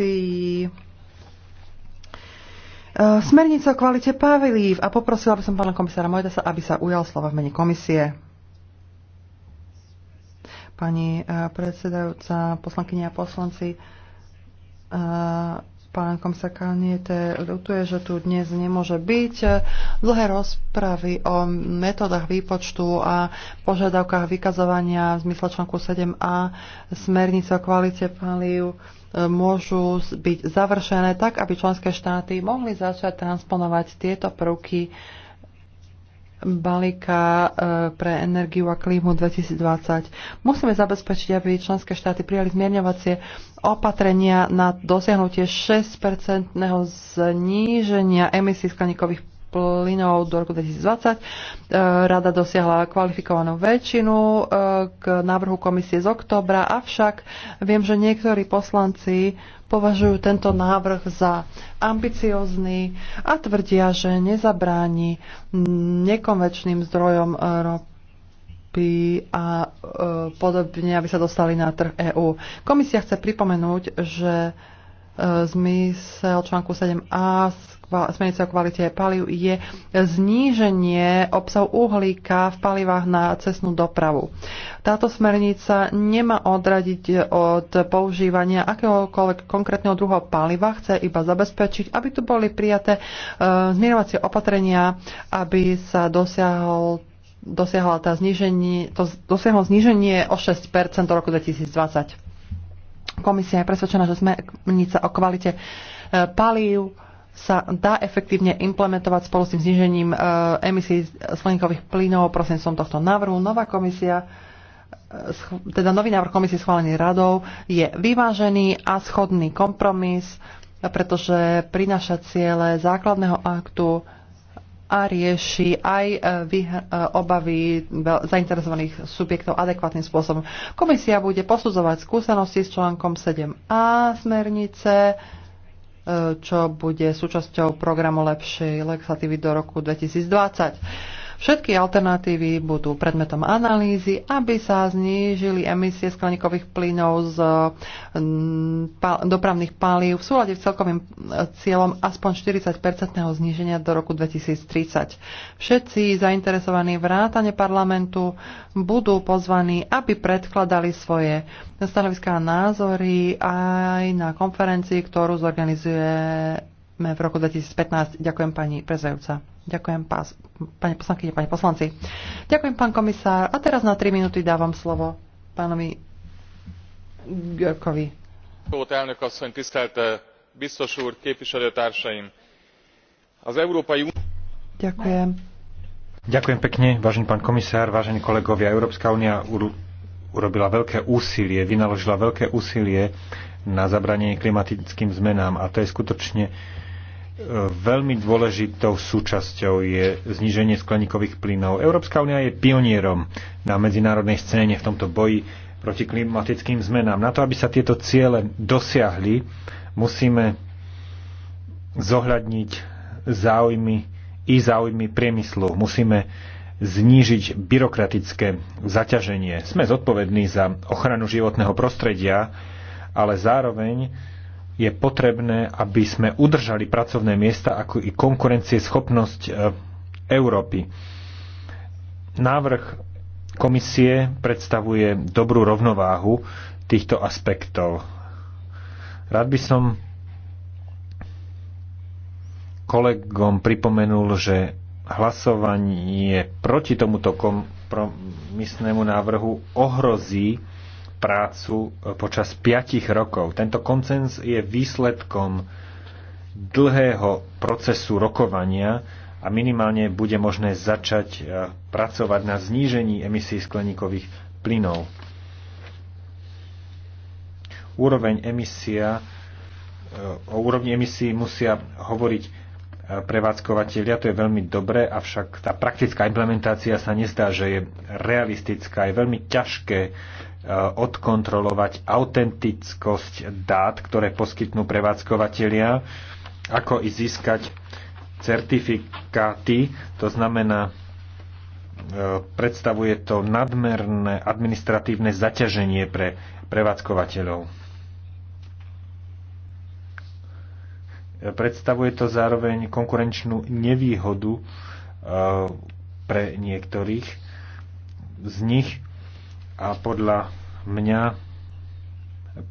komisii e, smernica o kvalite pavilív a poprosila by som pána komisára Mojdesa, aby sa ujal slova v mene komisie. Pani e, predsedajúca, poslankyne a poslanci, e, pána komisára Kalniete ľutuje, že tu dnes nemôže byť. Dlhé rozpravy o metodách výpočtu a požiadavkách vykazovania v zmysle článku 7a smernice o kvalite palív e, môžu byť završené tak, aby členské štáty mohli začať transponovať tieto prvky balíka e, pre energiu a klímu 2020. Musíme zabezpečiť, aby členské štáty prijali zmierňovacie opatrenia na dosiahnutie 6-percentného zníženia emisí skleníkových plynov do roku 2020. E, Rada dosiahla kvalifikovanú väčšinu e, k návrhu komisie z oktobra, avšak viem, že niektorí poslanci považujú tento návrh za ambiciózny a tvrdia, že nezabráni nekonvečným zdrojom ropy a e, podobne, aby sa dostali na trh EÚ. Komisia chce pripomenúť, že zmysel článku 7a smernice o kvalite paliv je zníženie obsahu uhlíka v palivách na cestnú dopravu. Táto smernica nemá odradiť od používania akéhokoľvek konkrétneho druhého paliva, chce iba zabezpečiť, aby tu boli prijaté e, zmierovacie opatrenia, aby sa dosiahol dosiahla tá zniženie, to dosiahlo zníženie o 6% do roku 2020. Komisia je presvedčená, že smernica o kvalite e, palív sa dá efektívne implementovať spolu s tým znižením e, emisí skleníkových plynov som tohto návrhu. Nová komisia e, teda nový návrh komisie schválený radou je vyvážený a schodný kompromis, pretože prináša ciele základného aktu a rieši aj e, e, obavy zainteresovaných subjektov adekvátnym spôsobom. Komisia bude posudzovať skúsenosti s článkom 7a smernice, e, čo bude súčasťou programu lepšej legislatívy do roku 2020. Všetky alternatívy budú predmetom analýzy, aby sa znížili emisie skleníkových plynov z dopravných palív v súlade s celkovým e, cieľom aspoň 40-percentného zníženia do roku 2030. Všetci zainteresovaní vrátane parlamentu budú pozvaní, aby predkladali svoje stanoviská a názory aj na konferencii, ktorú zorganizuje v roku 2015. Ďakujem pani prezajúca. Ďakujem pás, pani poslankyne, pani poslanci. Ďakujem, pán komisár. A teraz na 3 minúty dávam slovo pánovi Görkovi. elnök asszony, tisztelt eh, biztos úr, képviselőtársaim! Az Európai Ďakujem. Ďakujem pekne, vážený pán komisár, vážení kolegovia. Európska únia urobila veľké úsilie, vynaložila veľké úsilie na zabranie klimatickým zmenám a to je skutočne uh, veľmi dôležitou súčasťou je zníženie skleníkových plynov. Európska únia je pionierom na medzinárodnej scéne v tomto boji proti klimatickým zmenám. Na to, aby sa tieto ciele dosiahli, musíme zohľadniť záujmy i záujmy priemyslu. Musíme znížiť byrokratické zaťaženie. Sme zodpovední za ochranu životného prostredia, ale zároveň je potrebné, aby sme udržali pracovné miesta ako i konkurencieschopnosť e, Európy. Návrh komisie predstavuje dobrú rovnováhu týchto aspektov. Rád by som kolegom pripomenul, že hlasovanie proti tomuto kompromisnému návrhu ohrozí prácu e, počas 5 rokov. Tento koncens je výsledkom dlhého procesu rokovania a minimálne bude možné začať e, pracovať na znížení emisí skleníkových plynov. Úroveň emisia, e, o úrovni emisí musia hovoriť prevádzkovateľia, to je veľmi dobré, avšak tá praktická implementácia sa nezdá, že je realistická. Je veľmi ťažké Eh, odkontrolovať autentickosť dát, ktoré poskytnú prevádzkovateľia, ako i získať certifikáty, to znamená, eh, predstavuje to nadmerné administratívne zaťaženie pre prevádzkovateľov. Eh, predstavuje to zároveň konkurenčnú nevýhodu pre niektorých z nich a podľa mňa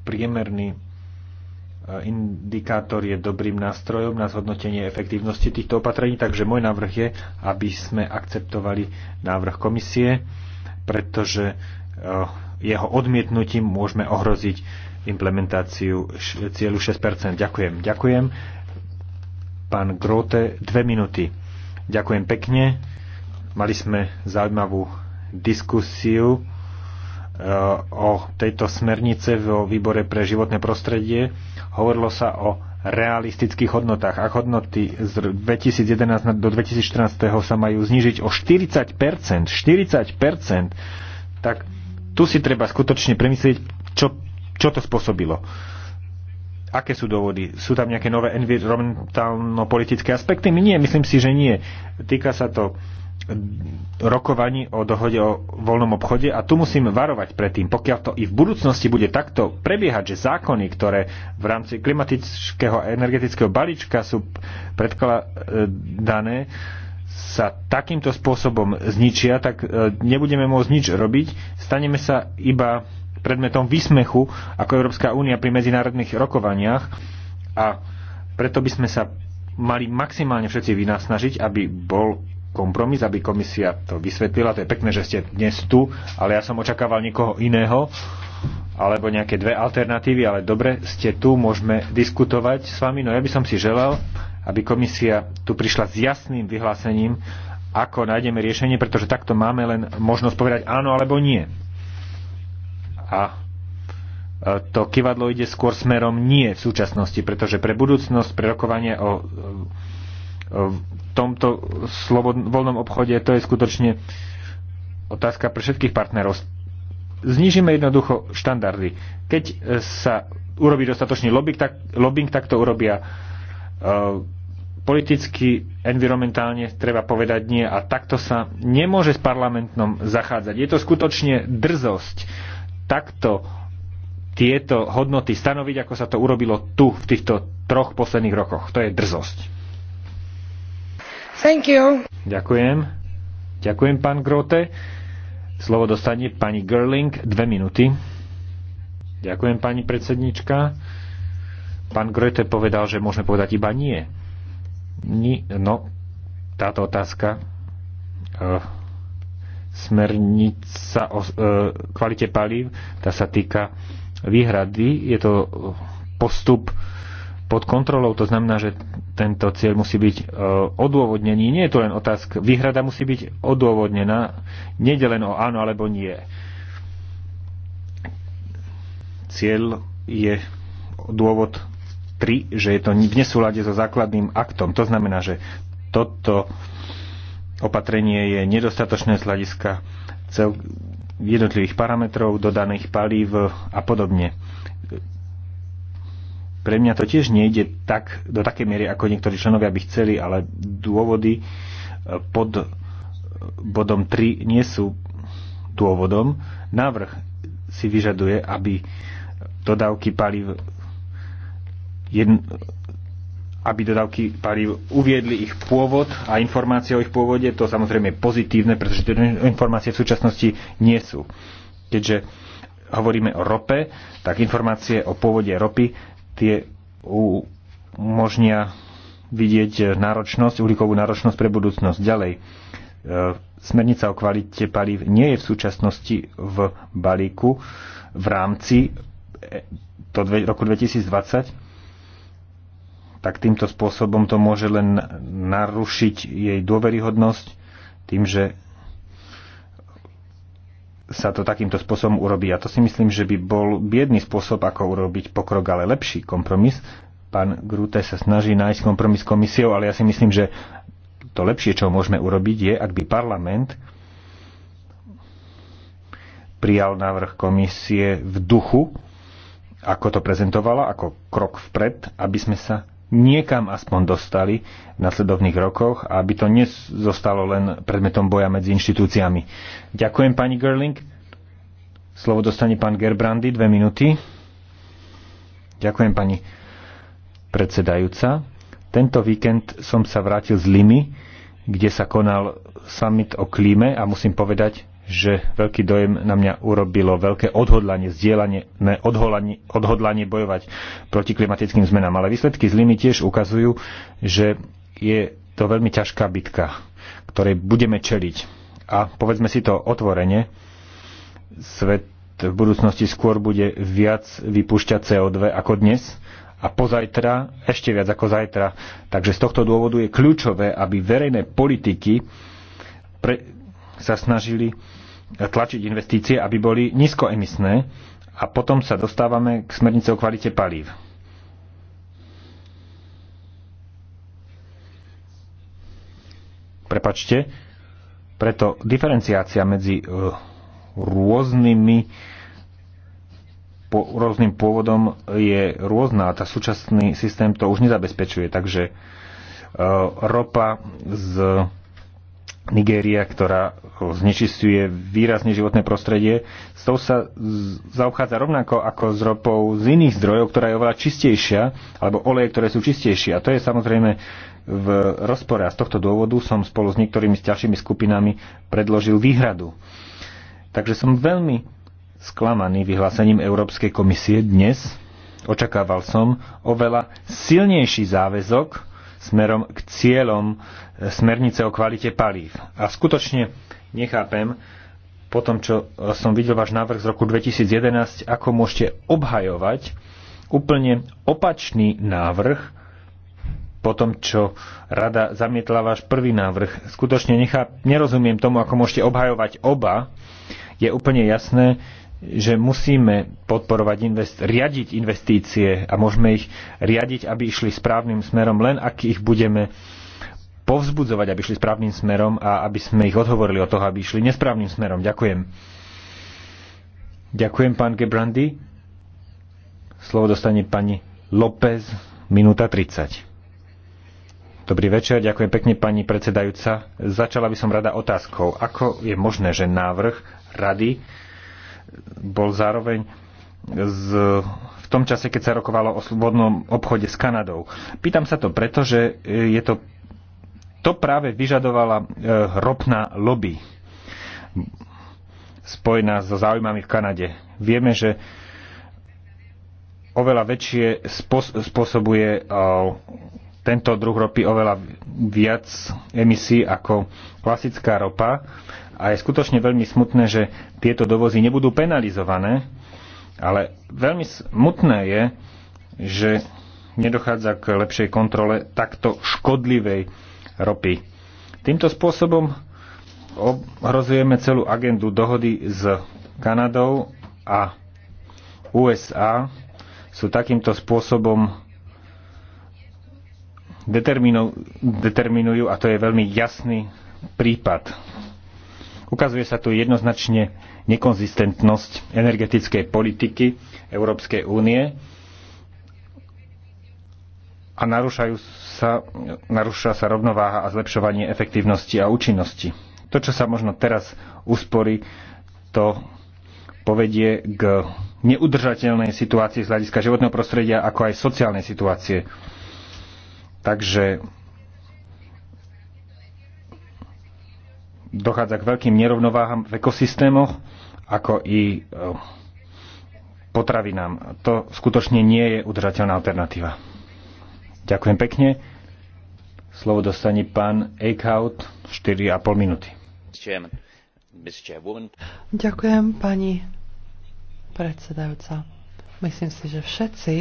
priemerný e, indikátor je dobrým nástrojom na zhodnotenie efektívnosti týchto opatrení, takže môj návrh je, aby sme akceptovali návrh komisie, pretože e, jeho odmietnutím môžeme ohroziť implementáciu cieľu 6%. Ďakujem. Ďakujem. Pán Grote, dve minúty. Ďakujem pekne. Mali sme zaujímavú diskusiu o tejto smernice vo výbore pre životné prostredie. Hovorilo sa o realistických hodnotách. Ak hodnoty z 2011 do 2014 sa majú znižiť o 40%, 40%, tak tu si treba skutočne premyslieť, čo, čo to spôsobilo. Aké sú dôvody? Sú tam nejaké nové environmentálno-politické aspekty? My nie, myslím si, že nie. Týka sa to rokovaní o dohode o voľnom obchode a tu musím varovať pred tým, pokiaľ to i v budúcnosti bude takto prebiehať, že zákony, ktoré v rámci klimatického a energetického balíčka sú predkladané, sa takýmto spôsobom zničia, tak e, nebudeme môcť nič robiť, staneme sa iba predmetom výsmechu ako Európska únia pri medzinárodných rokovaniach a preto by sme sa mali maximálne všetci vynasnažiť, aby bol kompromis, aby komisia to vysvetlila. To je pekné, že ste dnes tu, ale ja som očakával niekoho iného alebo nejaké dve alternatívy, ale dobre, ste tu, môžeme diskutovať s vami. No ja by som si želal, aby komisia tu prišla s jasným vyhlásením, ako nájdeme riešenie, pretože takto máme len možnosť povedať áno alebo nie. A e, to kivadlo ide skôr smerom nie v súčasnosti, pretože pre budúcnosť, pre rokovanie o e, v tomto voľnom obchode to je skutočne otázka pre všetkých partnerov. Znižíme jednoducho štandardy. Keď e, sa urobí dostatočný lobbying, tak, lobbying, tak to urobia e, politicky, environmentálne treba povedať nie a takto sa nemôže s parlamentom zachádzať. Je to skutočne drzosť takto tieto hodnoty stanoviť, ako sa to urobilo tu v týchto troch posledných rokoch. To je drzosť. Thank you. Ďakujem. Ďakujem, pán Grote. Slovo dostane pani Gerling, dve minúty. Ďakujem, pani predsednička. Pán Grote povedal, že môžeme povedať iba nie. Ni, no, táto otázka. Uh, smernica o uh, kvalite palív, tá sa týka výhrady. Je to postup pod kontrolou, to znamená, že tento cieľ musí byť e, odôvodnený. Nie je to len otázka. Výhrada musí byť odôvodnená. Nede len o áno alebo nie. Cieľ je dôvod 3, že je to v nesúlade so základným aktom. To znamená, že toto opatrenie je nedostatočné z hľadiska cel jednotlivých parametrov, dodaných palív a podobne pre mňa to tiež nejde tak, do takej miery, ako niektorí členovia by chceli, ale dôvody e, pod e, bodom 3 nie sú dôvodom. Návrh si vyžaduje, aby dodávky palív jedn, aby dodávky palív uviedli ich pôvod a informácie o ich pôvode. To samozrejme je pozitívne, pretože tie informácie v súčasnosti nie sú. Keďže hovoríme o rope, tak informácie o pôvode ropy Tie umožnia vidieť náročnosť, uhlíkovú náročnosť pre budúcnosť. Ďalej, e, smernica o kvalite palív nie je v súčasnosti v balíku v rámci do e, roku 2020, tak týmto spôsobom to môže len narušiť jej dôveryhodnosť tým, že sa to takýmto spôsobom urobí. A to si myslím, že by bol biedný spôsob, ako urobiť pokrok, ale lepší kompromis. Pán Grúte sa snaží nájsť kompromis s komisiou, ale ja si myslím, že to lepšie, čo môžeme urobiť, je, ak by parlament prijal návrh komisie v duchu, ako to prezentovala, ako krok vpred, aby sme sa niekam aspoň dostali v nasledovných rokoch, aby to nezostalo len predmetom boja medzi inštitúciami. Ďakujem pani Gerling. Slovo dostane pán Gerbrandy, dve minúty. Ďakujem pani predsedajúca. Tento víkend som sa vrátil z Limy, kde sa konal summit o klíme a musím povedať, že veľký dojem na mňa urobilo veľké odhodlanie, zdieľanie, ne, odhodlanie, odhodlanie bojovať proti klimatickým zmenám. Ale výsledky Limy tiež ukazujú, že je to veľmi ťažká bitka, ktorej budeme čeliť. A povedzme si to otvorene, svet v budúcnosti skôr bude viac vypúšťať CO2 ako dnes a pozajtra ešte viac ako zajtra. Takže z tohto dôvodu je kľúčové, aby verejné politiky pre, sa snažili tlačiť investície, aby boli nízkoemisné a potom sa dostávame k smernice o kvalite palív. Prepačte, preto diferenciácia medzi e, rôznymi po, rôznym pôvodom je rôzna a tá súčasný systém to už nezabezpečuje. Takže e, ropa z Nigéria, ktorá znečistuje výrazne životné prostredie, s tou sa zaobchádza rovnako ako s ropou z iných zdrojov, ktorá je oveľa čistejšia, alebo oleje, ktoré sú čistejšie. A to je samozrejme v rozpore. A z tohto dôvodu som spolu s niektorými s ťažšími skupinami predložil výhradu. Takže som veľmi sklamaný vyhlásením Európskej komisie dnes. Očakával som oveľa silnejší záväzok smerom k cieľom e, smernice o kvalite palív. A skutočne nechápem, po tom, čo e, som videl váš návrh z roku 2011, ako môžete obhajovať úplne opačný návrh, po tom, čo rada zamietla váš prvý návrh. Skutočne nechá, nerozumiem tomu, ako môžete obhajovať oba. Je úplne jasné, že musíme podporovať, invest, riadiť investície a môžeme ich riadiť, aby išli správnym smerom, len ak ich budeme povzbudzovať, aby išli správnym smerom a aby sme ich odhovorili od toho, aby išli nesprávnym smerom. Ďakujem. Ďakujem, pán Gebrandy. Slovo dostane pani López, minúta 30. Dobrý večer, ďakujem pekne pani predsedajúca. Začala by som rada otázkou, ako je možné, že návrh rady bol zároveň z, v tom čase, keď sa rokovalo o slobodnom obchode s Kanadou. Pýtam sa to preto, že e, je to, to práve vyžadovala e, ropná lobby spojená so záujmami v Kanade. Vieme, že oveľa väčšie spos- spôsobuje e, tento druh ropy oveľa viac emisí ako klasická ropa a je skutočne veľmi smutné, že tieto dovozy nebudú penalizované, ale veľmi smutné je, že nedochádza k lepšej kontrole takto škodlivej ropy. Týmto spôsobom ohrozujeme celú agendu dohody s Kanadou a USA sú takýmto spôsobom determinujú, determinujú a to je veľmi jasný prípad. Ukazuje sa tu jednoznačne nekonzistentnosť energetickej politiky Európskej únie a narúšajú sa, narúša sa rovnováha a zlepšovanie efektívnosti a účinnosti. To, čo sa možno teraz usporí, to povedie k neudržateľnej situácii z hľadiska životného prostredia, ako aj sociálnej situácie. Takže dochádza k veľkým nerovnováham v ekosystémoch, ako i e, potravinám. To skutočne nie je udržateľná alternatíva. Ďakujem pekne. Slovo dostane pán Eichhout, 4,5 minúty. Ďakujem, pani predsedajúca. Myslím si, že všetci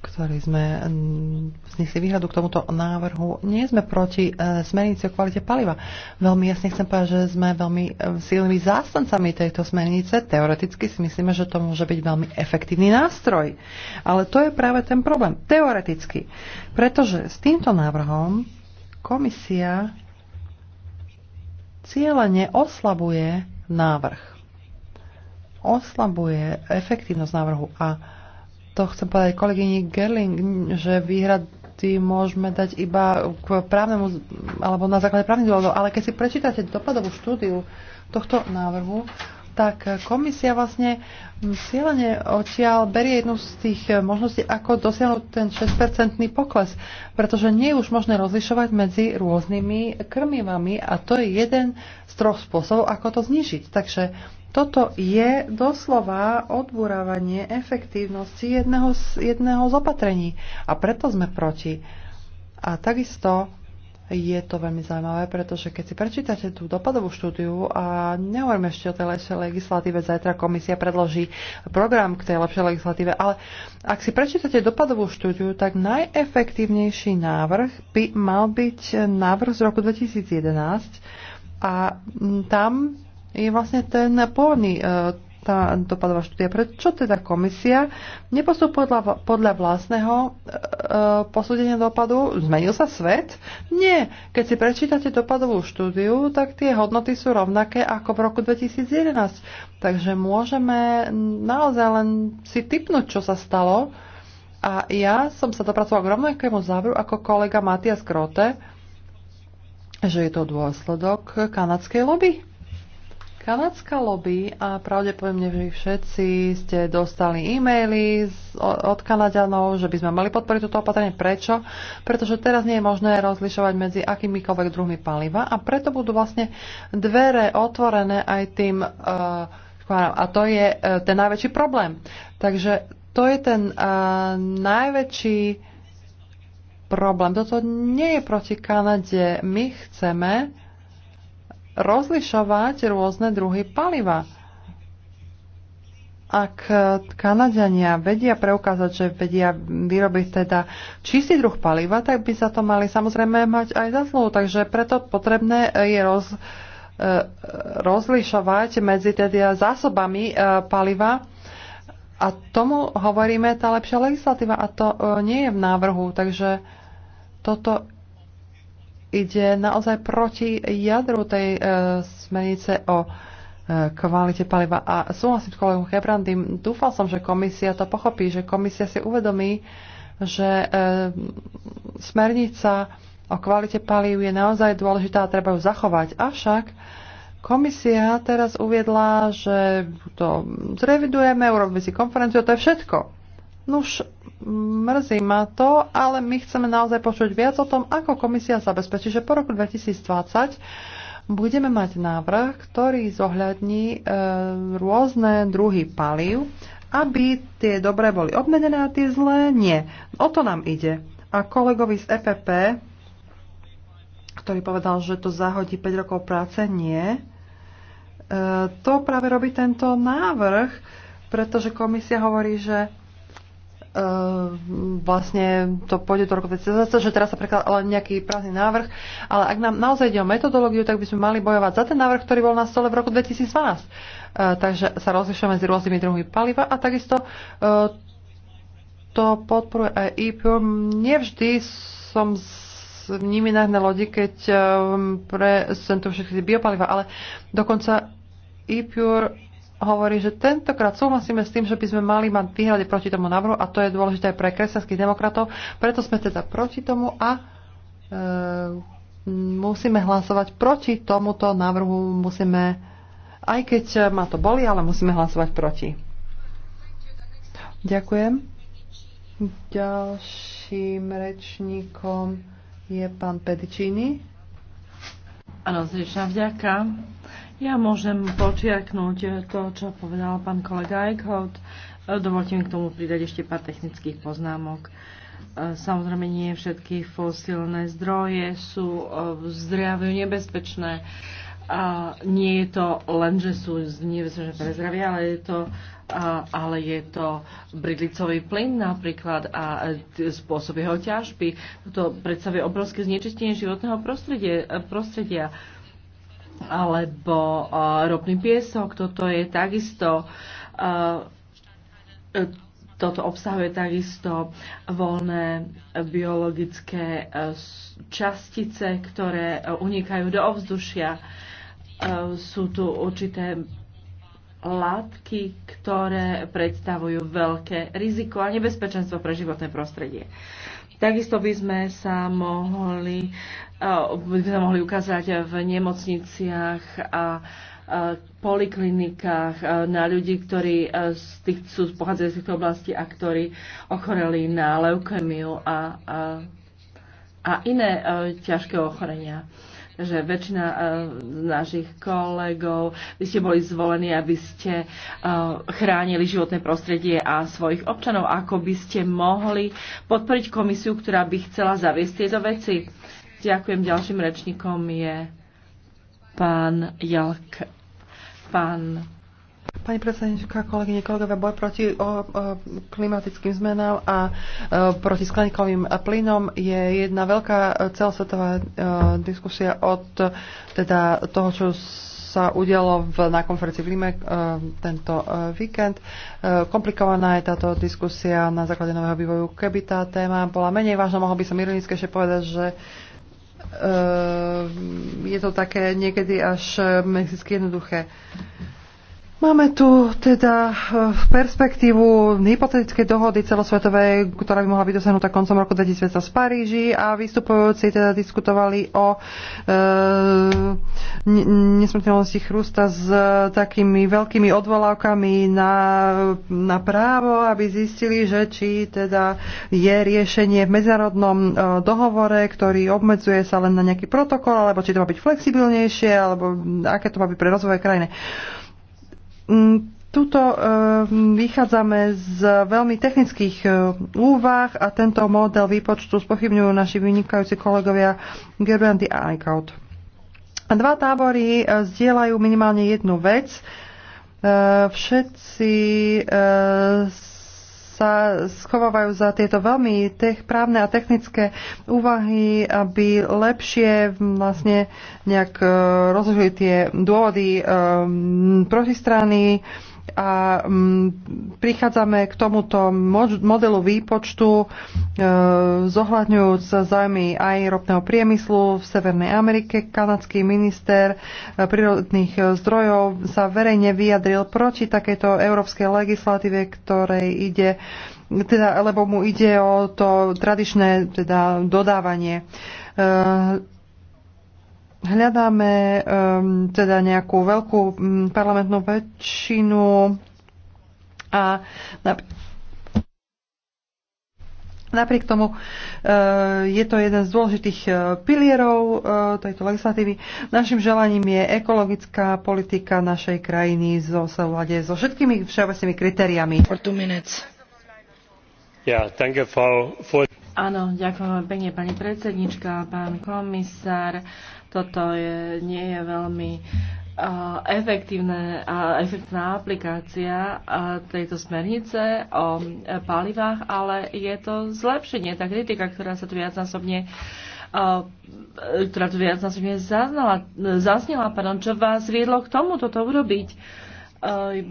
ktorý sme mm, vznikli výhradu k tomuto návrhu. Nie sme proti e, smernici o kvalite paliva. Veľmi jasne chcem povedať, že sme veľmi e, silnými zástancami tejto smernice. Teoreticky si myslíme, že to môže byť veľmi efektívny nástroj. Ale to je práve ten problém. Teoreticky. Pretože s týmto návrhom komisia cieľene oslabuje návrh. Oslabuje efektívnosť návrhu a to chcem povedať kolegyni Gerling, že výhrady môžeme dať iba k právnemu, alebo na základe právnych dôvodov, ale keď si prečítate dopadovú štúdiu tohto návrhu, tak komisia vlastne cieľene odtiaľ berie jednu z tých možností, ako dosiahnuť ten 6-percentný pokles, pretože nie je už možné rozlišovať medzi rôznymi krmivami a to je jeden z troch spôsobov, ako to znižiť. Takže toto je doslova odburávanie efektívnosti jedného z, jedného z opatrení a preto sme proti. A takisto je to veľmi zaujímavé, pretože keď si prečítate tú dopadovú štúdiu a nehovorím ešte o tej lepšej legislatíve, zajtra komisia predloží program k tej lepšej legislatíve, ale ak si prečítate dopadovú štúdiu, tak najefektívnejší návrh by mal byť návrh z roku 2011 a tam je vlastne ten pôvodný e, tá dopadová štúdia. Prečo teda komisia nepostup podľa, vlastného e, e, posúdenia dopadu? Zmenil sa svet? Nie. Keď si prečítate dopadovú štúdiu, tak tie hodnoty sú rovnaké ako v roku 2011. Takže môžeme naozaj len si typnúť, čo sa stalo. A ja som sa dopracoval k rovnakému záveru ako kolega Matias Krote, že je to dôsledok kanadskej lobby Kanadská lobby a pravdepodobne vy všetci ste dostali e-maily od Kanaďanov, že by sme mali podporiť toto opatrenie. Prečo? Pretože teraz nie je možné rozlišovať medzi akýmikoľvek druhmi paliva a preto budú vlastne dvere otvorené aj tým uh, a to je uh, ten najväčší problém. Takže to je ten uh, najväčší problém. Toto nie je proti Kanade. My chceme rozlišovať rôzne druhy paliva. Ak Kanadiania vedia preukázať, že vedia vyrobiť teda čistý druh paliva, tak by sa to mali samozrejme mať aj za zlú. Takže preto potrebné je roz, e, rozlišovať medzi teda zásobami e, paliva a tomu hovoríme tá lepšia legislatíva a to e, nie je v návrhu. Takže toto ide naozaj proti jadru tej e, smernice o e, kvalite paliva. A súhlasím s kolegom Hebrandým, dúfal som, že komisia to pochopí, že komisia si uvedomí, že e, smernica o kvalite paliv je naozaj dôležitá a treba ju zachovať. Avšak komisia teraz uviedla, že to zrevidujeme, urobíme si konferenciu, to je všetko. Nuž, mrzí ma to, ale my chceme naozaj počuť viac o tom, ako komisia zabezpečí, že po roku 2020 budeme mať návrh, ktorý zohľadní e, rôzne druhy palív, aby tie dobré boli obmedené a tie zlé nie. O to nám ide. A kolegovi z EPP, ktorý povedal, že to zahodí 5 rokov práce, nie. E, to práve robí tento návrh, pretože komisia hovorí, že uh, vlastne to pôjde do roku 2020, že teraz sa prekladá len nejaký prázdny návrh, ale ak nám naozaj ide o metodológiu, tak by sme mali bojovať za ten návrh, ktorý bol na stole v roku 2012. Uh, e, takže sa rozlišujeme medzi rôznymi druhmi paliva a takisto uh, to podporuje aj IPUR. Nevždy som v nimi na lodi, keď um, tu všetky biopaliva, ale dokonca IPUR hovorí, že tentokrát súhlasíme s tým, že by sme mali mať výhľady proti tomu návrhu a to je dôležité aj pre kresťanských demokratov, preto sme teda proti tomu a e, musíme hlasovať proti tomuto návrhu, musíme, aj keď ma to boli, ale musíme hlasovať proti. Ďakujem. Ďalším rečníkom je pán Pedicini. Áno, zrečná vďaka. Ja môžem počiaknúť to, čo povedal pán kolega Eichhout. Dovolte mi k tomu pridať ešte pár technických poznámok. Samozrejme, nie všetky fosílne zdroje sú e, zdraviu nebezpečné. A nie je to len, že sú nebezpečné pre zdravie, ale je to, ale je to bridlicový plyn napríklad a e, spôsob jeho ťažby. To predstavuje obrovské znečistenie životného prostredia. prostredia alebo ropný piesok. Toto je takisto toto obsahuje takisto voľné biologické častice, ktoré unikajú do ovzdušia. Sú tu určité látky, ktoré predstavujú veľké riziko a nebezpečenstvo pre životné prostredie. Takisto by sme sa mohli, eh, by sme mohli ukázať v nemocniciach a eh, poliklinikách eh, na ľudí, ktorí z tých, sú, pochádzajú z týchto oblastí a ktorí ochoreli na leukemiu a, a, a iné ťažké ochorenia že väčšina uh, našich kolegov, vy ste boli zvolení, aby ste eh, chránili životné prostredie a svojich občanov. Ako by ste mohli podporiť komisiu, ktorá by chcela zaviesť tieto veci? Ďakujem. Ďalším rečníkom je pán Jalk. Pán Pani predsednička, kolegyne, kolegové, boj proti o, o, klimatickým zmenám a o, e, proti skleníkovým plynom je jedna veľká celosvetová o, e, diskusia od teda toho, čo sa udialo v, na konferencii v Lime o, e, tento o, víkend. O, komplikovaná je táto diskusia na základe nového vývoju. Keby tá téma bola menej vážna, mohol by som ironickejšie povedať, že je to také niekedy až mexicky jednoduché. Máme tu teda eh, perspektívu hypotetickej dohody celosvetovej, ktorá by mohla byť dosiahnutá koncom roku 2020 v Paríži a vystupujúci teda diskutovali o e, eh, nesmrtelnosti chrusta s takými veľkými odvolávkami na, na právo, aby zistili, že či teda je riešenie v medzinárodnom e, dohovore, ktorý obmedzuje sa len na nejaký protokol, alebo či to má byť flexibilnejšie, alebo aké to má byť pre rozvoje krajiny. Mm, tuto e, vychádzame z veľmi technických e, úvah a tento model výpočtu spochybňujú naši vynikajúci kolegovia Gerbrandy a Eichaut. Dva tábory e, zdieľajú minimálne jednu vec. Všetci sa schovávajú za tieto veľmi tech, právne a technické úvahy, aby lepšie vlastne nejak eh, rozložili tie dôvody eh, protistrany strany a mm, prichádzame k tomuto modelu výpočtu e, zohľadňujúc zájmy aj ropného priemyslu v Severnej Amerike. Kanadský minister e, prírodných e, zdrojov sa verejne vyjadril proti takejto európskej legislatíve, ktorej ide teda, lebo mu ide o to tradičné teda, dodávanie hľadáme um, teda nejakú veľkú um, parlamentnú väčšinu a Napriek tomu eh, je to jeden z dôležitých eh, pilierov eh, tejto legislatívy. Našim želaním je ekologická politika našej krajiny zo vlade, so všetkými všeobecnými kritériami. Áno, ďakujem pekne, pani predsednička, pán komisár. Toto je, nie je veľmi efektívne, efektívna aplikácia tejto smernice o e, palivách, ale je to zlepšenie. Tá kritika, ktorá sa tu viacnásobne e, ktorá tu viacnásobne zaznala, e, zaznela, pardon, čo vás viedlo k tomu toto urobiť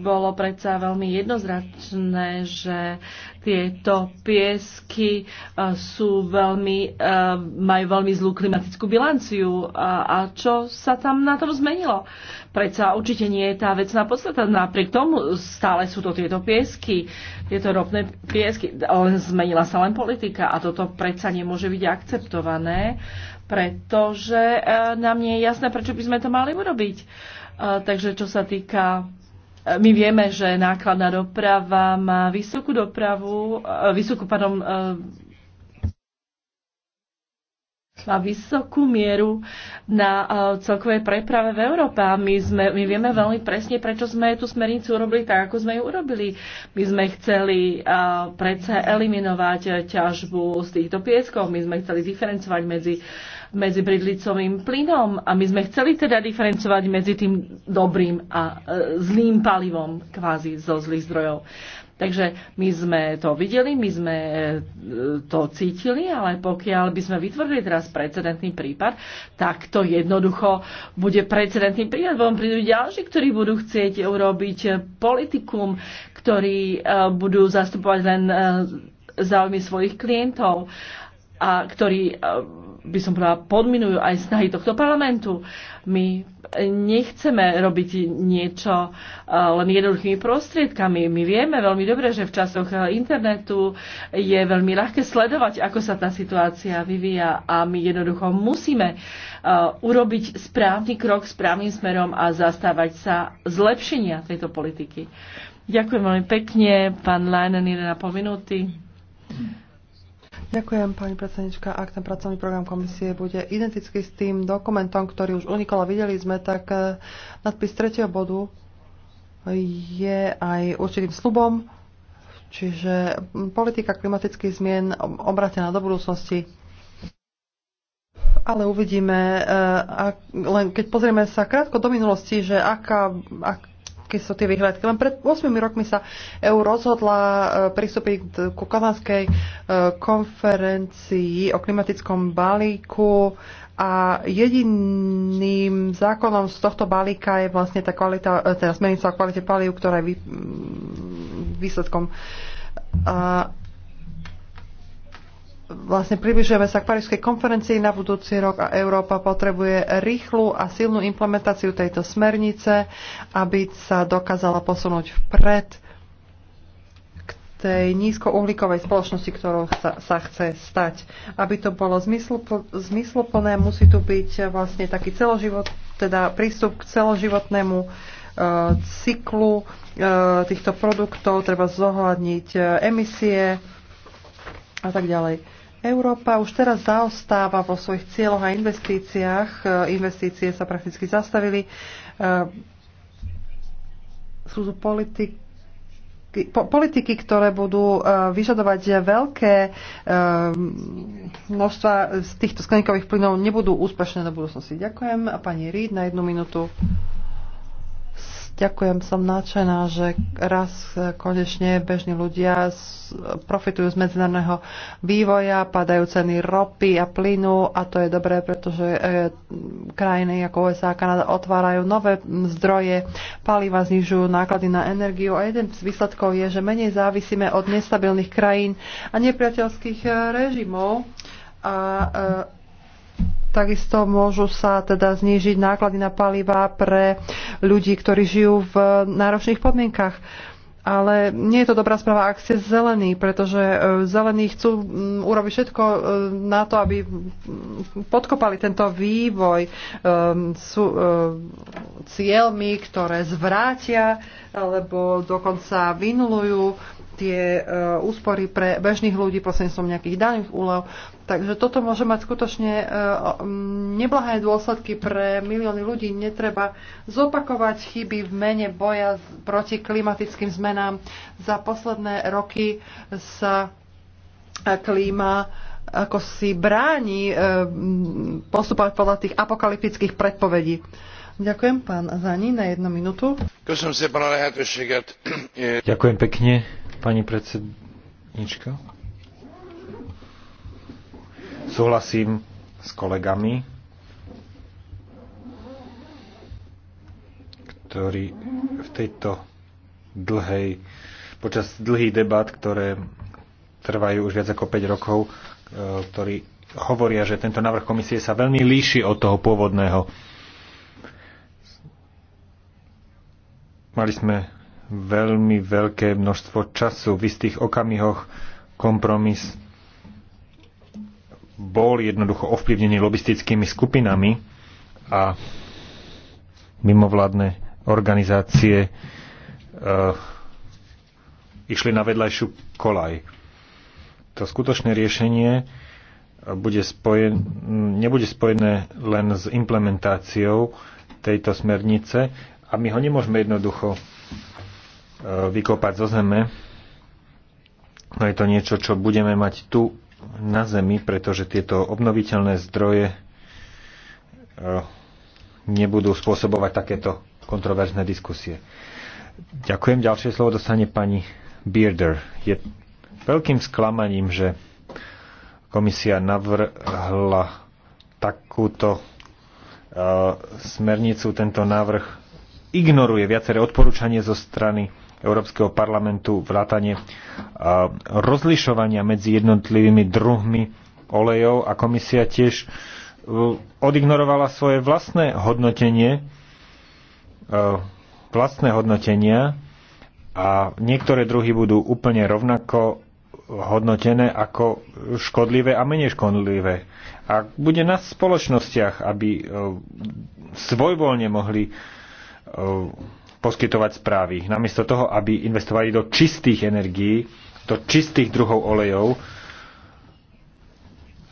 bolo predsa veľmi jednoznačné, že tieto piesky e, sú veľmi, e, majú veľmi zlú klimatickú bilanciu. A čo sa tam na tom zmenilo? Predsa určite nie je tá vecná podstata. Napriek tomu stále sú to tieto piesky, tieto ropné piesky. Zmenila sa len politika a toto predsa nemôže byť akceptované, pretože e, nám nie je jasné, prečo by sme to mali urobiť. Takže čo sa týka my vieme, že nákladná doprava má vysokú dopravu, e, vysokú, pardon, e, má vysokú mieru na e, celkovej preprave v Európe. my, sme, my vieme veľmi presne, prečo sme tú smernicu urobili tak, ako sme ju urobili. My sme chceli predsa eliminovať ťažbu z týchto pieskov, my sme chceli diferencovať medzi uh, medzi bridlicovým plynom a my sme chceli teda diferencovať medzi tým dobrým a e, zlým palivom kvázi zo zlých zdrojov. Takže my sme to videli, my sme e, to cítili, ale pokiaľ by sme vytvorili teraz precedentný prípad, tak to jednoducho bude precedentný prípad, lebo prídu ďalší, ktorí budú chcieť urobiť politikum, ktorí e, budú zastupovať len záujmy svojich klientov a ktorí, e, by som povedala, podminujú aj snahy tohto parlamentu. My nechceme robiť niečo e, len jednoduchými prostriedkami. My vieme veľmi dobre, že v časoch e, internetu je veľmi ľahké sledovať, ako sa tá situácia vyvíja a my jednoducho musíme urobiť správny krok správnym smerom a zastávať sa zlepšenia tejto politiky. Ďakujem veľmi pekne, pán Leinen, 1,5 minúty. Ďakujem, pani predsednička. Ak ten pracovný program komisie bude identický s tým dokumentom, ktorý už unikol videli sme, tak e, nadpis tretieho bodu je aj určitým slubom, čiže politika klimatických zmien obratená do budúcnosti. Ale uvidíme, e, ak, len keď pozrieme sa krátko do minulosti, že aká, ak, aké sú tie vyhľadky. Len pred 8 rokmi sa EU rozhodla e, pristúpiť ku kanadskej e, konferencii o klimatickom balíku a jediným zákonom z tohto balíka je vlastne tá kvalita, e, teda smernica o kvalite palív, ktorá je výsledkom vlastne približujeme sa k Parížskej konferencii na budúci rok a Európa potrebuje rýchlu a silnú implementáciu tejto smernice, aby sa dokázala posunúť vpred k tej nízkouhlíkovej spoločnosti, ktorou sa, sa chce stať. Aby to bolo zmysluplné, zmysluplné, musí tu byť vlastne taký celoživot, teda prístup k celoživotnému e, cyklu e, týchto produktov, treba zohľadniť e, emisie a tak ďalej Európa už teraz zaostáva vo svojich cieľoch a investíciách. E, investície sa prakticky zastavili. E, sú tu politiky, politiky, ktoré budú e, vyžadovať veľké množstva z týchto skleníkových plynov, nebudú úspešné do budúcnosti. Ďakujem. A pani Reid na jednu minútu. Ďakujem, som nadšená, že raz konečne bežní ľudia profitujú z medzinárodného vývoja, padajú ceny ropy a plynu a to je dobré, pretože e, krajiny ako USA a Kanada otvárajú nové zdroje, paliva znižujú náklady na energiu a jeden z výsledkov je, že menej závisíme od nestabilných krajín a nepriateľských e, režimov a e, Takisto môžu sa teda znížiť náklady na paliva pre ľudí, ktorí žijú v náročných podmienkach. Ale nie je to dobrá správa, ak ste zelení, pretože e, zelení chcú mm, urobiť všetko e, na to, aby podkopali tento vývoj e, sú cieľmi, ktoré zvrátia alebo dokonca vynulujú tie e, úspory pre bežných ľudí prostredníctvom nejakých daných úlev. Takže toto môže mať skutočne e, neblahé dôsledky pre milióny ľudí. Netreba zopakovať chyby v mene boja proti klimatickým zmenám. Za posledné roky sa e, klíma ako si bráni postupovať podľa tých apokalyptických predpovedí. Ďakujem pán Zani na jednu minútu. Ďakujem pekne Pani predsednička. Súhlasím s kolegami, ktorí v tejto dlhej, počas dlhých debat, ktoré trvajú už viac ako 5 rokov, e, ktorí hovoria, že tento návrh komisie sa veľmi líši od toho pôvodného. Mali sme veľmi veľké množstvo času. V istých okamihoch kompromis bol jednoducho ovplyvnený lobistickými skupinami a mimovládne organizácie e, išli na vedľajšiu kolaj. To skutočné riešenie bude spojen, nebude spojené len s implementáciou tejto smernice a my ho nemôžeme jednoducho E, vykopať zo zeme. No je to niečo, čo budeme mať tu na Zemi, pretože tieto obnoviteľné zdroje e, nebudú spôsobovať takéto kontroverzné diskusie. Ďakujem. Ďalšie slovo dostane pani Bearder. Je veľkým sklamaním, že komisia navrhla takúto e, smernicu, tento návrh ignoruje viaceré odporúčanie zo strany Európskeho parlamentu vrátane rozlišovania medzi jednotlivými druhmi olejov a komisia tiež e, odignorovala svoje vlastné hodnotenie, e, vlastné hodnotenia a niektoré druhy budú úplne rovnako hodnotené ako škodlivé a menej škodlivé. A bude na spoločnostiach, aby e, svojvoľne mohli poskytovať správy. Namiesto toho, aby investovali do čistých energií, do čistých druhov olejov,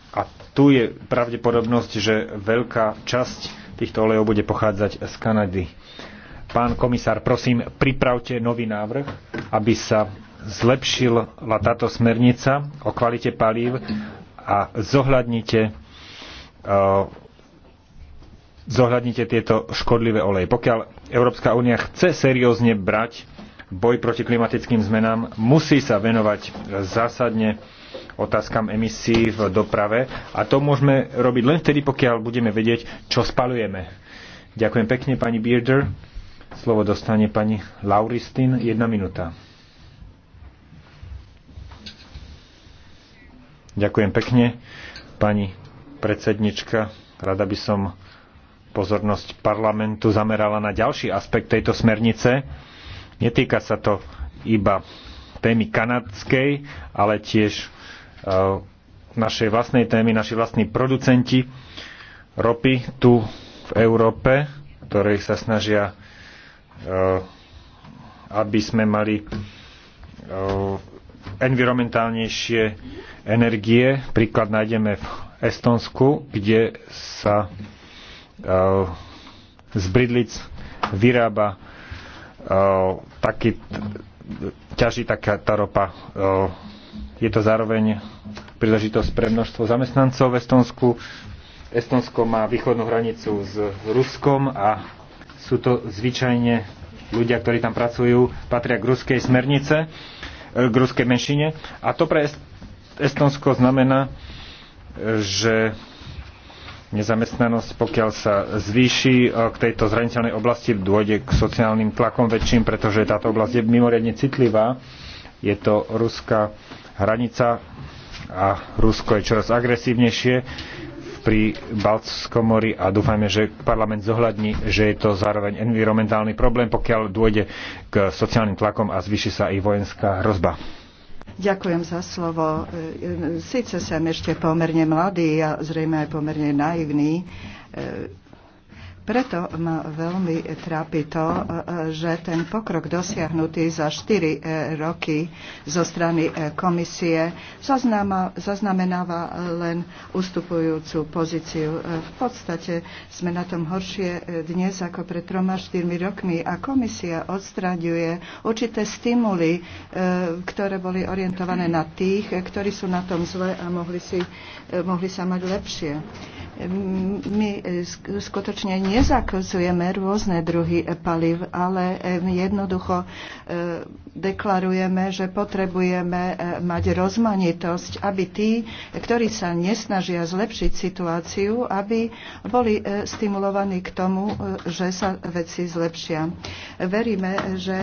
a tu je pravdepodobnosť, že veľká časť týchto olejov bude pochádzať z Kanady. Pán komisár, prosím, pripravte nový návrh, aby sa zlepšila táto smernica o kvalite palív a zohľadnite zohľadnite tieto škodlivé oleje. Pokiaľ Európska únia chce seriózne brať boj proti klimatickým zmenám, musí sa venovať zásadne otázkam emisí v doprave a to môžeme robiť len vtedy, pokiaľ budeme vedieť, čo spalujeme. Ďakujem pekne, pani Bearder. Slovo dostane pani Lauristin. Jedna minúta. Ďakujem pekne, pani predsednička. Rada by som pozornosť parlamentu zamerala na ďalší aspekt tejto smernice. Netýka sa to iba témy kanadskej, ale tiež e, našej vlastnej témy, naši vlastní producenti ropy tu v Európe, ktorí sa snažia, e, aby sme mali e, environmentálnejšie energie. Príklad nájdeme v Estonsku, kde sa z bridlic vyrába e, taký, ťaží taká tá ropa. E, je to zároveň príležitosť pre množstvo zamestnancov v Estonsku. Estonsko má východnú hranicu s Ruskom a sú to zvyčajne ľudia, ktorí tam pracujú, patria k ruskej smernice, e, k ruskej menšine. A to pre Estonsko znamená, že nezamestnanosť, pokiaľ sa zvýši e, k tejto zraniteľnej oblasti, dôjde k sociálnym tlakom väčším, pretože táto oblasť je mimoriadne citlivá. Je to ruská hranica a Rusko je čoraz agresívnejšie pri Balckom mori a dúfajme, že parlament zohľadní, že je to zároveň environmentálny problém, pokiaľ dôjde k sociálnym tlakom a zvýši sa i vojenská hrozba. Ďakujem za slovo. E, e, Sice som ešte pomerne mladý a zrejme aj pomerne naivný, e, preto ma veľmi trápi to, e, že ten pokrok dosiahnutý za 4 e, roky zo strany e, komisie zaznamenáva len ustupujúcu pozíciu. V podstate sme na tom horšie dnes ako pred troma, 4 rokmi a komisia odstraňuje určité stimuly, ktoré boli orientované na tých, ktorí sú na tom zle a mohli, si, mohli sa mať lepšie. My e, skutočne nezakazujeme rôzne druhy e, paliv, ale e, jednoducho deklarujeme, že potrebujeme mať rozmanitosť, aby tí, ktorí sa nesnažia zlepšiť situáciu, aby boli stimulovaní k tomu, že sa veci zlepšia. Veríme, že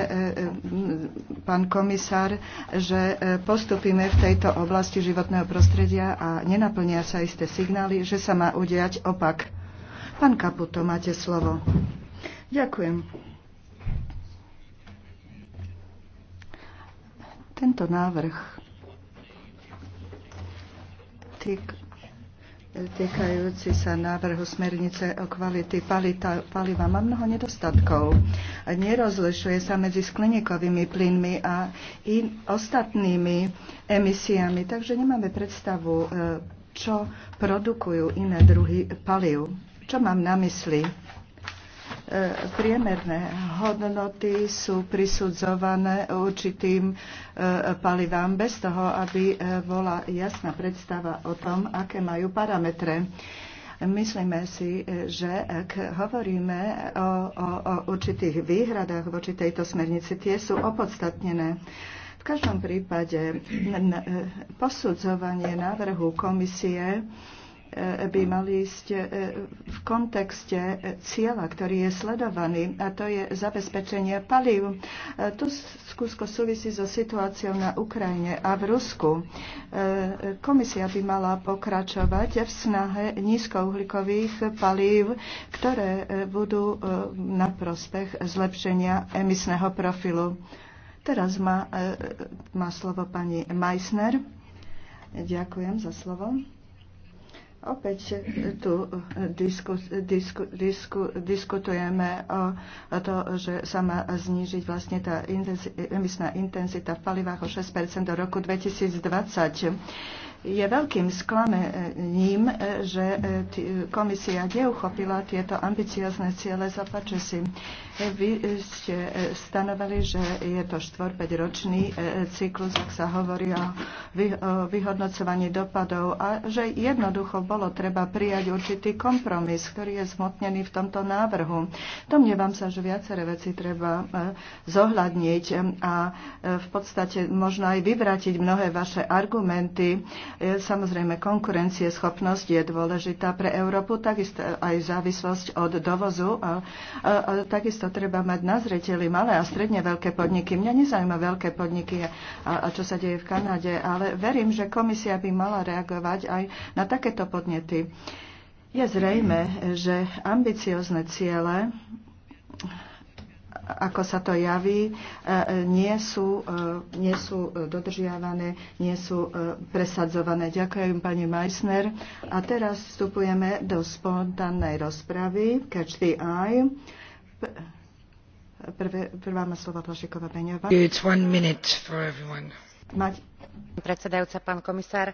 pán komisár, že postupíme v tejto oblasti životného prostredia a nenaplnia sa isté signály, že sa má udiať opak. Pán Kaputo, máte slovo. Ďakujem. Tento návrh týk, týkajúci sa návrhu smernice o kvality palita, paliva má mnoho nedostatkov. Nerozlišuje sa medzi skleníkovými plynmi a in, ostatnými emisiami, takže nemáme predstavu e, čo produkujú iné druhy paliv. Čo mám na mysli? E, priemerné hodnoty sú prisudzované určitým e, palivám bez toho, aby e, bola jasná predstava o tom, aké majú parametre. Myslíme si, že ak hovoríme o, o, o určitých výhradách voči tejto smernici, tie sú opodstatnené každom prípade e, posudzovanie návrhu komisie e, by mali ísť e, v kontexte cieľa, ktorý je sledovaný, a to je zabezpečenie palív. Tu skúsko súvisí so situáciou na Ukrajine a v Rusku. Komisia by mala pokračovať v snahe nízkouhlikových palív, ktoré budú na prospech zlepšenia emisného profilu. Teraz má, e, má slovo pani Meissner. Ďakujem za slovo. Opäť tu disku, disku, disku, diskutujeme o, o to, že sa má znížiť vlastne tá intenzi, emisná intenzita v palivách o 6 do roku 2020. Je veľkým sklamením, e, že e, komisia neuchopila tieto ambiciozne ciele za si. E, vy ste stanovali, že je to 4-5 ročný cyklus, ak sa hovorí o vyhodnocovaní dopadov a že jednoducho bolo treba prijať určitý kompromis, ktorý je zmotnený v tomto návrhu. Domnievam sa, že viaceré veci treba zohľadniť a v podstate možno aj vyvrátiť mnohé vaše argumenty E, samozrejme, schopnosť je dôležitá pre Európu, takisto aj závislosť od dovozu. A, a, a takisto treba mať na zreteli malé a stredne veľké podniky. Mňa nezaujíma veľké podniky a, a čo sa deje v Kanade, ale verím, že komisia by mala reagovať aj na takéto podnety. Je zrejme, že ambiciozne ciele ako sa to javí, e, e, nie sú, e, nie sú dodržiavané, nie sú presadzované. Ďakujem pani Meissner. A teraz vstupujeme do spontánnej rozpravy Catch the Eye. Prvé, prvá má slova Plašiková Peňová. It's one minute for everyone. Mať. Predsedajúca, pán komisár,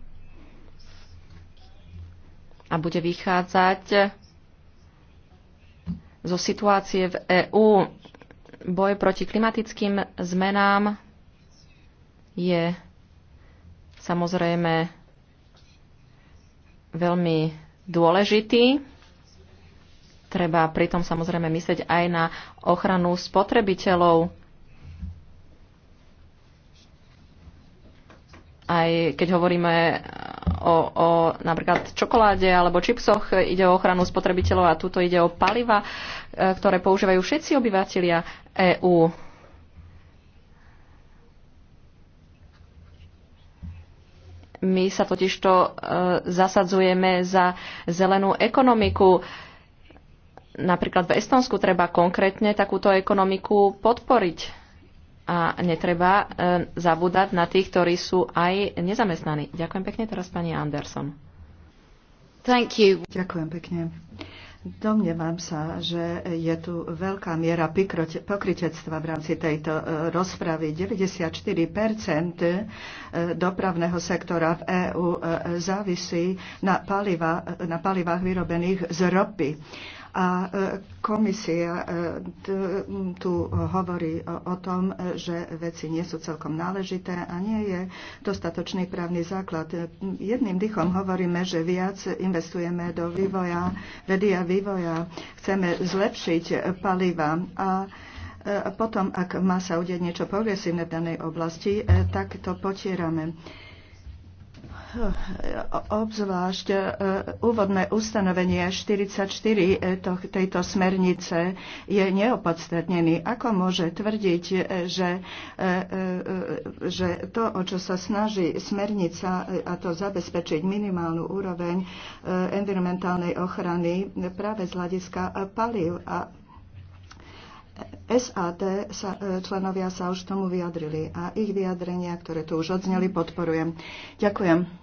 a bude vychádzať zo situácie v EÚ. Boj proti klimatickým zmenám je samozrejme veľmi dôležitý. Treba pritom samozrejme myslieť aj na ochranu spotrebiteľov. Aj keď hovoríme o, o napríklad čokoláde alebo čipsoch, ide o ochranu spotrebiteľov a tuto ide o paliva, e, ktoré používajú všetci obyvatelia EÚ. My sa totižto e, zasadzujeme za zelenú ekonomiku. Napríklad v Estonsku treba konkrétne takúto ekonomiku podporiť a netreba e, zabúdať na tých, ktorí sú aj nezamestnaní. Ďakujem pekne teraz pani Anderson. Thank you. Ďakujem pekne. Domnievam sa, že je tu veľká miera pokrytectva v rámci tejto e, rozpravy. 94 e, dopravného sektora v EÚ závisí na, paliva, na palivách vyrobených z ropy a e, komisia e, tu hovorí o tom, že veci nie sú celkom náležité a nie je dostatočný právny základ. Jedným dychom hovoríme, že viac investujeme do vývoja, vedy a vývoja. Chceme zlepšiť paliva a e, potom, ak má sa udeť niečo progresívne v danej oblasti, tak to potierame. Hm, obzvlášť e, úvodné ustanovenie 44 e, tejto smernice je neopodstatnený. Ako môže tvrdiť, e, že, že to, o čo sa snaží smernica, a to zabezpečiť minimálnu úroveň environmentálnej ochrany práve z hľadiska palív a SAT sa, členovia sa už tomu vyjadrili a ich vyjadrenia, ktoré tu už odzneli, podporujem. Ďakujem.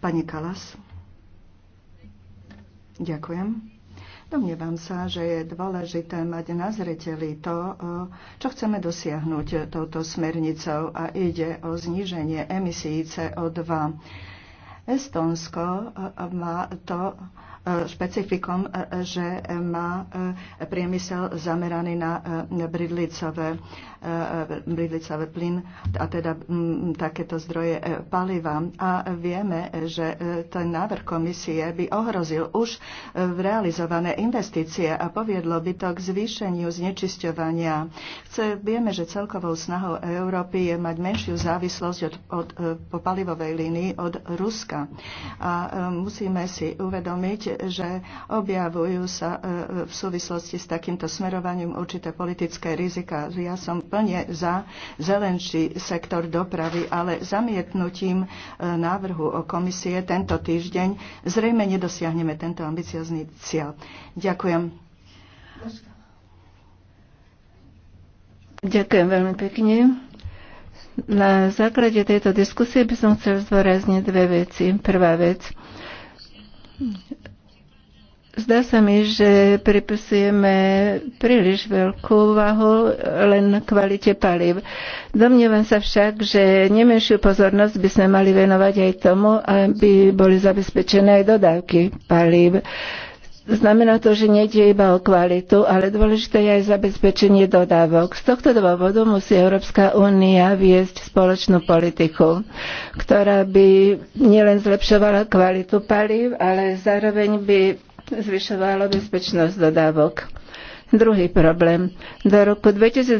Pani Kalas. Ďakujem. Domnievam sa, že je dôležité mať na zreteli to, eh, čo chceme dosiahnuť touto smernicou a ide o zníženie emisí CO2. Estonsko eh, má to špecifikom, e, že má e, priemysel zameraný na e, bridlicové, bridlicové plyn a teda takéto zdroje paliva. A vieme, že ten návrh komisie by ohrozil už v realizované investície a poviedlo by to k zvýšeniu znečisťovania. Chce, vieme, že celkovou snahou Európy je mať menšiu závislosť od, od, po palivovej línii od Ruska. A musíme si uvedomiť, že objavujú sa e, v súvislosti s takýmto smerovaním určité politické rizika. Ja som plne za zelenší sektor dopravy, ale zamietnutím e, návrhu o komisie tento týždeň zrejme nedosiahneme tento ambiciozný cieľ. Ďakujem. Ďakujem veľmi pekne. Na základe tejto diskusie by som chcel zdôrazniť dve veci. Prvá vec. Zdá sa mi, že pripisujeme príliš veľkú váhu len kvalite palív. Domnievam sa však, že nemenšiu pozornosť by sme mali venovať aj tomu, aby boli zabezpečené aj dodávky palív. Znamená to, že nejde iba o kvalitu, ale dôležité je aj zabezpečenie dodávok. Z tohto dôvodu musí Európska únia viesť spoločnú politiku, ktorá by nielen zlepšovala kvalitu palív, ale zároveň by zvyšovalo bezpečnosť dodávok. Druhý problém. Do roku 2020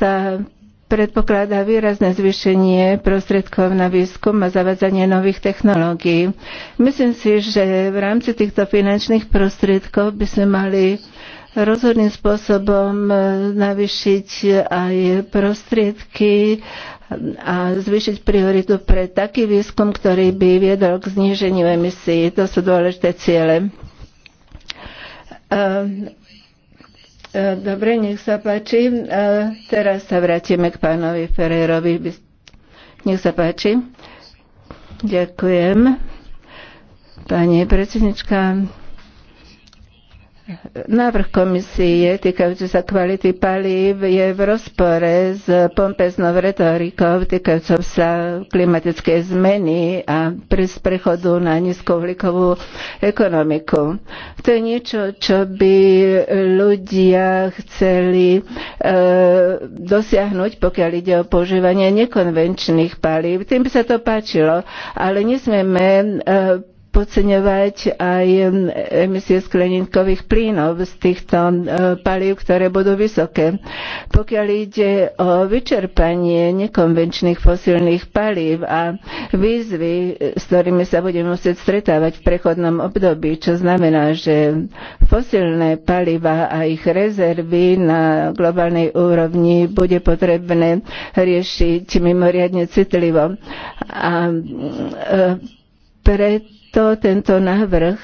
sa predpokladá výrazné zvýšenie prostriedkov na výskum a zavadzanie nových technológií. Myslím si, že v rámci týchto finančných prostriedkov by sme mali rozhodným spôsobom navýšiť aj prostriedky a zvýšiť prioritu pre taký výskum, ktorý by viedol k zníženiu emisí. To sú dôležité ciele. Ehm, ehm, dobre, nech sa páči. Ehm, teraz sa vrátime k pánovi Ferrerovi. Nech sa páči. Ďakujem. Pani predsednička, Návrh komisie týkajúci sa kvality palív je v rozpore s pompeznou retorikou týkajúcou sa klimatickej zmeny a pre prechodu na nízkouhlíkovú ekonomiku. To je niečo, čo by ľudia chceli e, dosiahnuť, pokiaľ ide o používanie nekonvenčných palív. Tým by sa to páčilo, ale nesmieme e, podceňovať aj emisie skleníkových plynov z týchto palív, ktoré budú vysoké. Pokiaľ ide o vyčerpanie nekonvenčných fosílnych palív a výzvy, s ktorými sa budeme musieť stretávať v prechodnom období, čo znamená, že fosílne paliva a ich rezervy na globálnej úrovni bude potrebné riešiť mimoriadne citlivo. A, a preto to tento návrh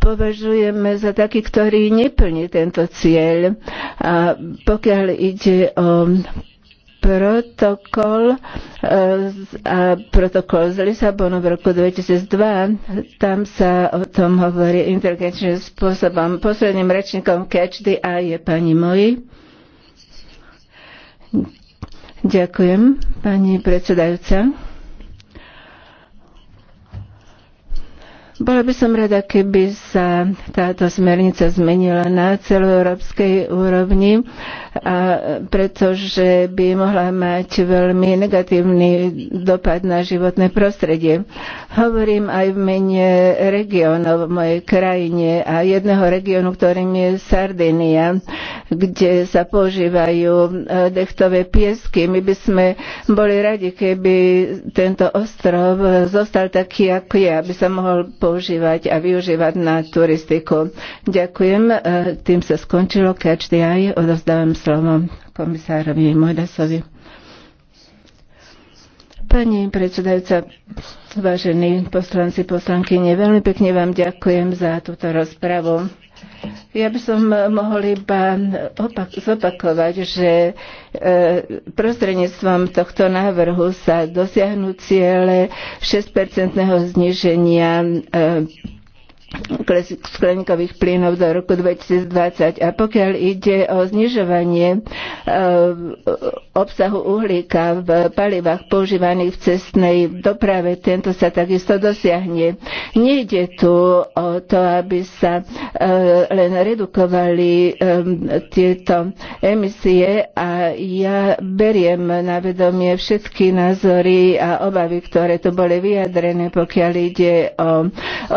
považujeme za taký, ktorý neplní tento cieľ. A pokiaľ ide o protokol e, a protokol z Lisabonu v roku 2002, tam sa o tom hovorí inteligenčným spôsobom. Posledným rečníkom Catch the Eye je pani Moji. Ďakujem, pani predsedajúca. Bola by som rada, keby sa táto smernica zmenila na celoeurópskej úrovni, a pretože by mohla mať veľmi negatívny dopad na životné prostredie. Hovorím aj v mene regionov v mojej krajine a jedného regionu, ktorým je Sardinia, kde sa používajú e, dechtové piesky. My by sme boli radi, keby tento ostrov e, zostal taký, ako je, aby sa mohol používať a využívať na turistiku. Ďakujem, e, tým sa skončilo Catch the Odovzdávam slovo komisárovi Mojdasovi. Pani predsedajúca, vážení poslanci, poslanky, veľmi pekne vám ďakujem za túto rozpravu. Ja by som eh, mohol iba eh, opak, zopakovať, že e, prostredníctvom tohto návrhu sa dosiahnu ciele 6-percentného zniženia e, skleníkových plynov do roku 2020. A pokiaľ ide o znižovanie e, obsahu uhlíka v palivách používaných v cestnej doprave, tento sa takisto dosiahne. Nejde tu o to, aby sa e, len redukovali e, tieto emisie a ja beriem na vedomie všetky názory a obavy, ktoré tu boli vyjadrené, pokiaľ ide o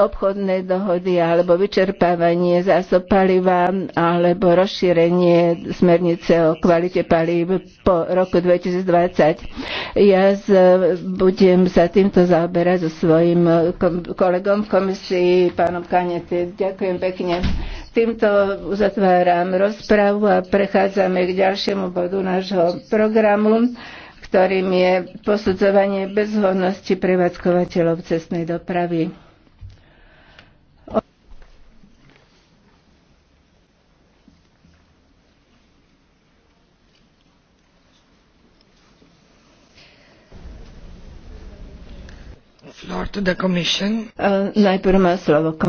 obchodné dohody dohody alebo vyčerpávanie zásob paliva alebo rozšírenie smernice o kvalite palív po roku 2020. Ja z, budem sa týmto zaoberať so svojim kolegom v komisii, pánom Kanete. Ďakujem pekne. Týmto uzatváram rozpravu a prechádzame k ďalšiemu bodu nášho programu ktorým je posudzovanie bezhodnosti prevádzkovateľov cestnej dopravy. Uh, najprv má slovo komisár.